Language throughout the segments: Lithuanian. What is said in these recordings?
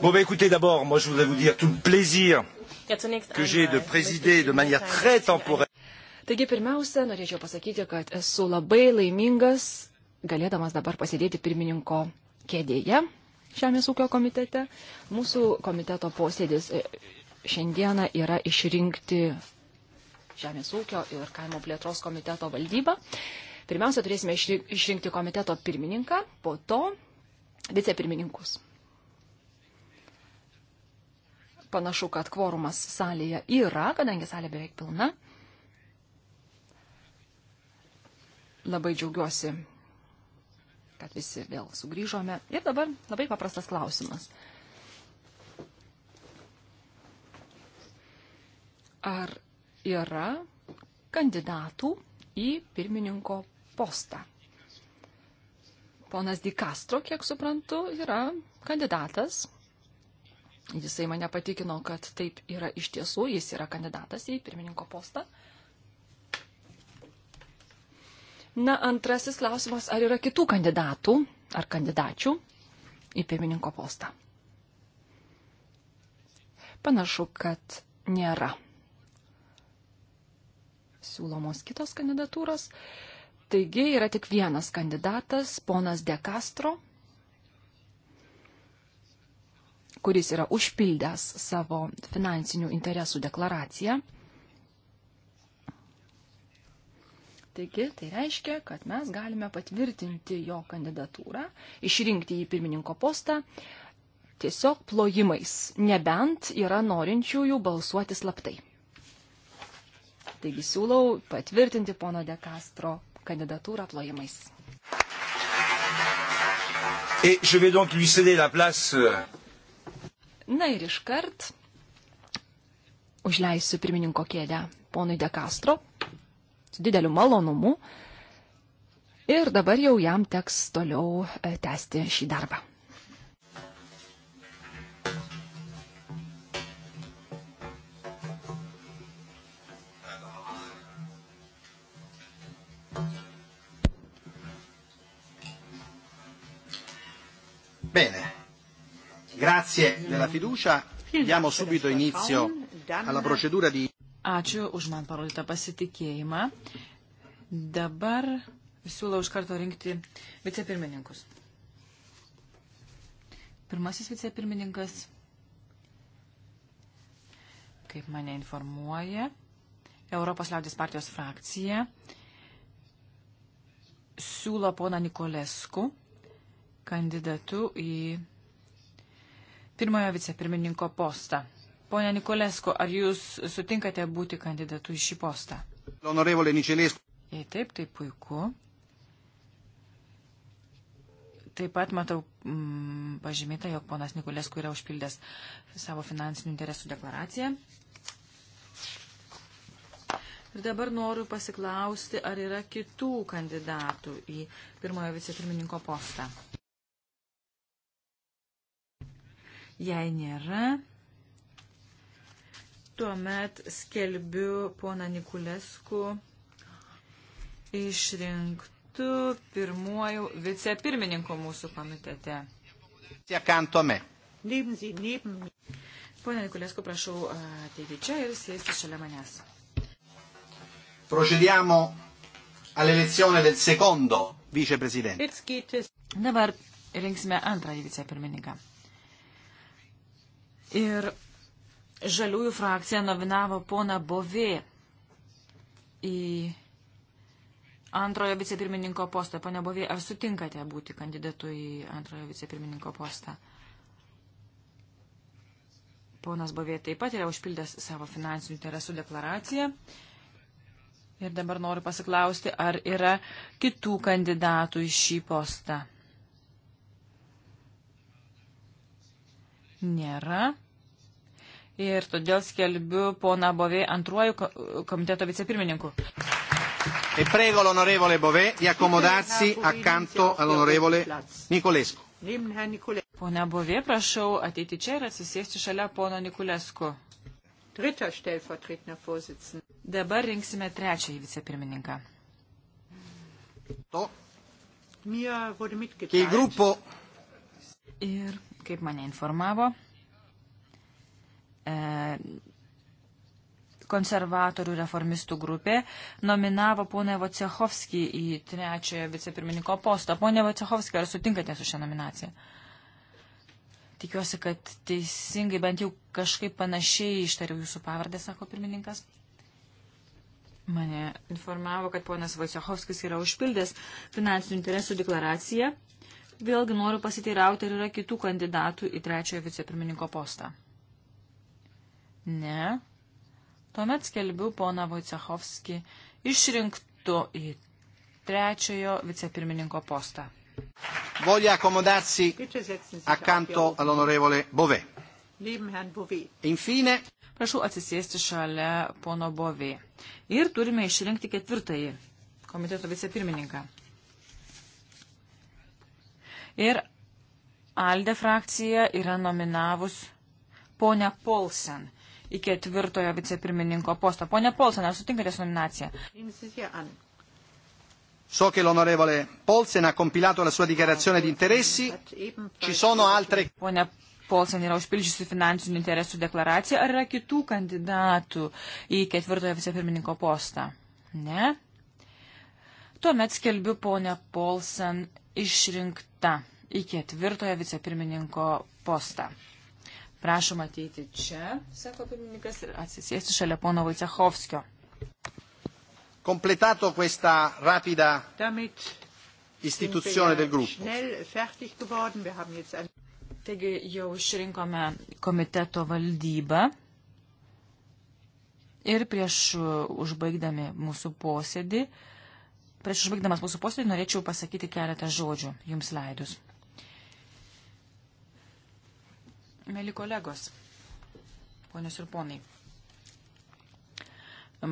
Bon, bah, écoutez, d'abord, moi, je voudrais vous dire tout le plaisir que j'ai de présider de manière très temporaire. Taigi, pirmiausia, norėčiau pasakyti, kad esu labai laimingas, galėdamas dabar pasidėti pirmininko kėdėje Žemės ūkio komitete. Mūsų komiteto posėdis e, šiandieną yra išrinkti Žemės ūkio ir kaimo plėtros komiteto valdybą. Pirmiausia, turėsime išrinkti komiteto pirmininką, po to vicepirmininkus. Panašu, kad kvorumas salėje yra, kadangi salė beveik pilna. Labai džiaugiuosi, kad visi vėl sugrįžome. Ir dabar labai paprastas klausimas. Ar yra kandidatų į pirmininko postą? Ponas Dikastro, kiek suprantu, yra kandidatas Jisai mane patikino, kad taip yra iš tiesų, jis yra kandidatas į pirmininko postą. Na, antrasis klausimas, ar yra kitų kandidatų ar kandidačių į pirmininko postą? Panašu, kad nėra. Siūlomos kitos kandidatūros. Taigi yra tik vienas kandidatas, ponas De Castro, kuris yra užpildęs savo finansinių interesų deklaraciją. Taigi, tai reiškia, kad mes galime patvirtinti jo kandidatūrą, išrinkti jį pirmininko postą tiesiog plojimais, nebent yra norinčiųjų balsuoti slaptai. Taigi siūlau patvirtinti pono De Castro kandidatūrą plojimais. Et je vais donc lui céder la place euh, Na ir iškart užleisiu pirmininko kėdę ponui De Castro su dideliu malonumu. Ir dabar jau jam teks toliau e, tęsti šį darbą. Thank you. Grazie della fiducia. Diamo subito inizio alla procedura di. Ačiū už man parodytą pasitikėjimą. Dabar siūlau iš karto rinkti vicepirmininkus. Pirmasis vicepirmininkas, kaip mane informuoja, Europos liaudės partijos frakcija siūlo poną Nikolesku kandidatu į pirmojo vicepirmininko postą. Pone Nikolesko, ar jūs sutinkate būti kandidatu į šį postą? Jei taip, tai puiku. Taip pat matau mm, pažymėta, jog ponas Nikolesku yra užpildęs savo finansinių interesų deklaraciją. Ir dabar noriu pasiklausti, ar yra kitų kandidatų į pirmojo vicepirmininko postą. Jei nėra, tuomet skelbiu poną Nikulesku išrinktų pirmuoju vicepirmininku mūsų komitete. Siekantome. Pone Nikulesku, prašau ateiti čia ir sėsti šalia manęs. Procediamo all'elezione del secondo viceprezidente. Dabar rinksime antrąjį vicepirmininką. Ir žaliųjų frakcija nominavo poną Bovė į antrojo vicepirmininko postą. Pone Bovė, ar sutinkate būti kandidatu į antrojo vicepirmininko postą? Ponas Bovė taip pat yra užpildęs savo finansinių interesų deklaraciją. Ir dabar noriu pasiklausti, ar yra kitų kandidatų į šį postą. Nėra ir todėl skelbiu poną Bovė antruoju komiteto vicepirmininku. E prego l'onorevole Bovė di accomodarsi accanto all'onorevole Nicolescu. Pone Bovė, prašau ateiti čia ir atsisėsti šalia pono Nikulesku. Dabar rinksime trečiąjį vicepirmininką. To. Ir, kaip mane informavo, E, konservatorių reformistų grupė nominavo poną Vatsechovskį į trečiojo vicepirmininko postą. Pone Vatsechovskį, ar sutinkate su šią nominaciją? Tikiuosi, kad teisingai bent jau kažkaip panašiai ištariau jūsų pavardę, sako pirmininkas. Mane informavo, kad ponas Vatsechovskis yra užpildęs finansinių interesų deklaraciją. Vėlgi noriu pasiteirauti, ar yra kitų kandidatų į trečiojo vicepirmininko postą. Ne. Tuomet skelbiu poną Vojcechovskį išrinktų į trečiojo vicepirmininko postą. Voglia accomodarsi accanto all'onorevole Bove. Infine. Prašau atsisėsti šalia pono Bovė. Ir turime išrinkti ketvirtąjį komiteto vicepirmininką. Ir Alde frakcija yra nominavus ponę Polsen į ketvirtojo vicepirmininko postą. Pone Polsen, ar sutinkate su nominacija? So che l'onorevole Polsen ha compilato la sua dichiarazione di interessi. Ci sono altre. Pone Polsen yra užpildžiusi finansinių interesų deklaraciją. Ar yra kitų kandidatų į ketvirtojo vicepirmininko postą? Ne. Tuomet skelbiu ponę Polsen išrinkta į ketvirtojo vicepirmininko postą. Prašom ateiti čia, sako pirmininkas, ir atsisėsti šalia pono Vaicehovskio. Completato questa rapida Damit istituzione del gruppo. Taigi jau išrinkome komiteto valdybą ir prieš užbaigdami mūsų posėdį, prieš užbaigdamas mūsų posėdį norėčiau pasakyti keletą žodžių jums leidus. Mėly kolegos, ponios ir ponai,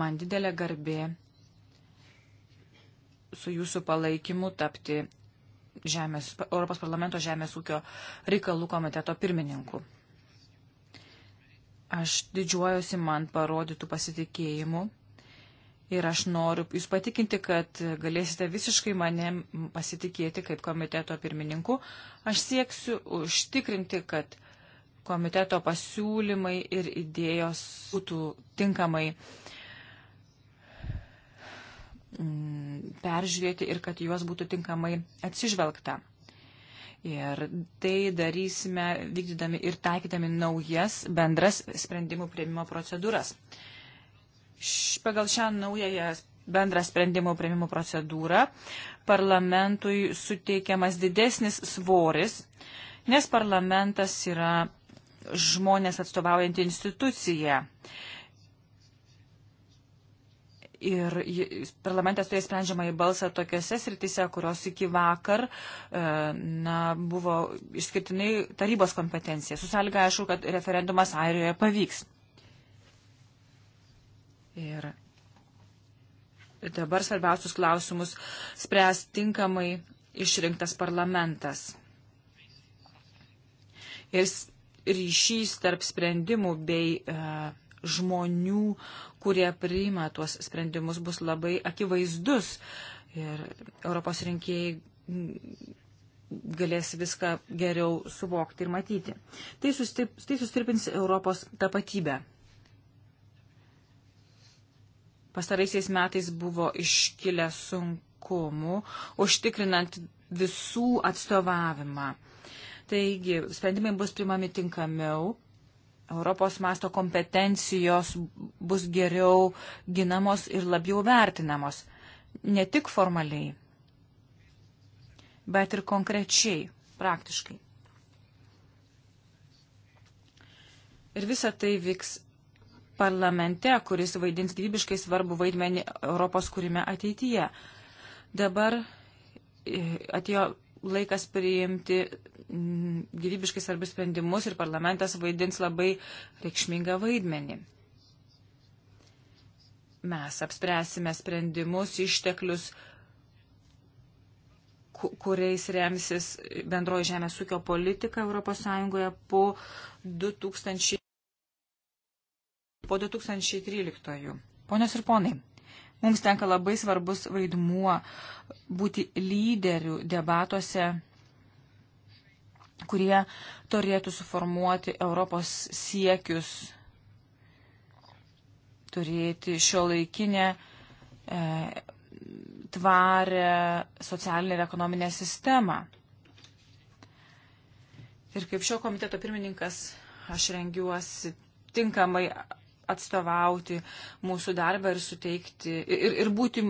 man didelė garbė su jūsų palaikymu tapti žemės, Europos parlamento žemės ūkio reikalų komiteto pirmininku. Aš didžiuojuosi man parodytų pasitikėjimu ir aš noriu jūs patikinti, kad galėsite visiškai manim pasitikėti kaip komiteto pirmininku. Aš sieksiu užtikrinti, kad komiteto pasiūlymai ir idėjos būtų tinkamai mm, peržiūrėti ir kad juos būtų tinkamai atsižvelgta. Ir tai darysime vykdydami ir taikydami naujas bendras sprendimų prieimimo procedūras. Š, pagal šią naująją bendrą sprendimų prieimimo procedūrą parlamentui suteikiamas didesnis svoris, nes parlamentas yra žmonės atstovaujantį instituciją. Ir parlamentas turės sprendžiamą į balsą tokiuose sritise, kurios iki vakar e, na, buvo išskirtinai tarybos kompetencija. Susalga aišku, kad referendumas Airijoje pavyks. Ir dabar svarbiausius klausimus spręs tinkamai išrinktas parlamentas. Ir ryšys tarp sprendimų bei e, žmonių, kurie priima tuos sprendimus, bus labai akivaizdus. Ir Europos rinkėjai galės viską geriau suvokti ir matyti. Tai, sustip, tai sustripins Europos tapatybę. Pastaraisiais metais buvo iškilę sunkumų, užtikrinant visų atstovavimą. Taigi, sprendimai bus primami tinkamiau, Europos masto kompetencijos bus geriau ginamos ir labiau vertinamos. Ne tik formaliai, bet ir konkrečiai, praktiškai. Ir visa tai vyks parlamente, kuris vaidins gyvybiškai svarbu vaidmenį Europos kūrime ateityje. Dabar e, atėjo laikas priimti Mm, gyvybiškai svarbius sprendimus ir parlamentas vaidins labai reikšmingą vaidmenį. Mes apspręsime sprendimus, išteklius, kuriais remsis bendroji žemės ūkio politika ES po 2000 po 2013. Ponios ir ponai, mums tenka labai svarbus vaidmuo būti lyderių debatuose kurie turėtų suformuoti Europos siekius, turėti šio laikinę e, tvarę socialinę ir ekonominę sistemą. Ir kaip šio komiteto pirmininkas aš rengiuosi tinkamai atstovauti mūsų darbą ir suteikti ir, ir būti